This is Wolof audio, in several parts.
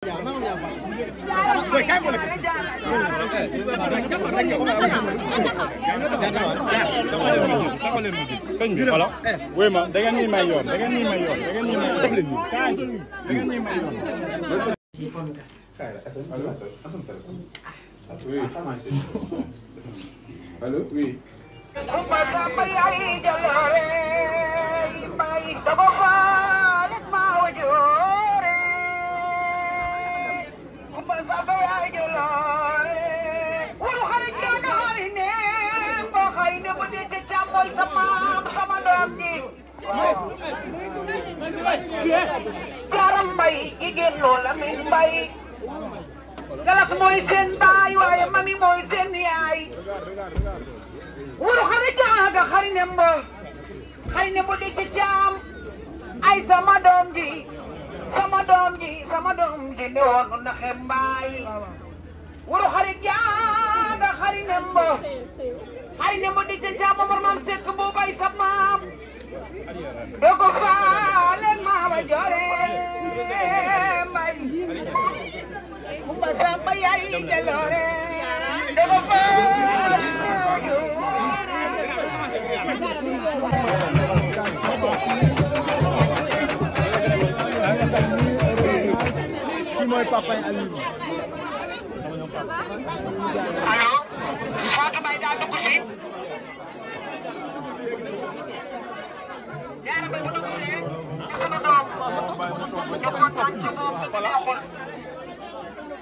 sëñ bi alors wéy ma da ngeen ñuy may yoon da ngeen ñuy may yoon da ngeen ñuy may yoon da ngeen ñuy may yoon. allo oui. mooy sa maam sama doom ji jaram mbay jigéen loola mi mbay galas mooy seen baay waaye mami mooy seen yaay wuru xari jaaga xari ne mbo xari ci caam ay sama doom sama doom sama doom ne woon ndaxe mbaay wuru xari jaaga doko faale maama joore mbay kumba samba yaay jaloore doko mooy papa Aliou allo Fatou Mbaye daa dugg si ci sunu doom ñu kontaan ci moom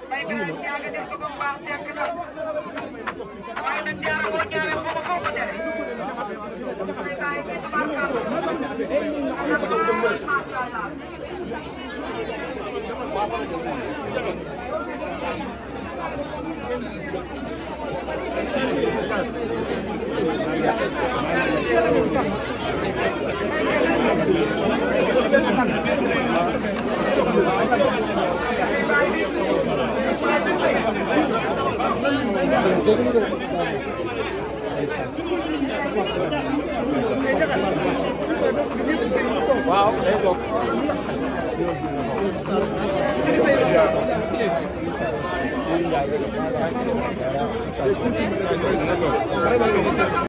te ñu neexul bay bi nag yaa ngi def ci bu baax tekk na waaye nag jaara boo jaaree bu ko foo ko def bay naa yi kii tubaab macha allah Thank you. waaw day bokk.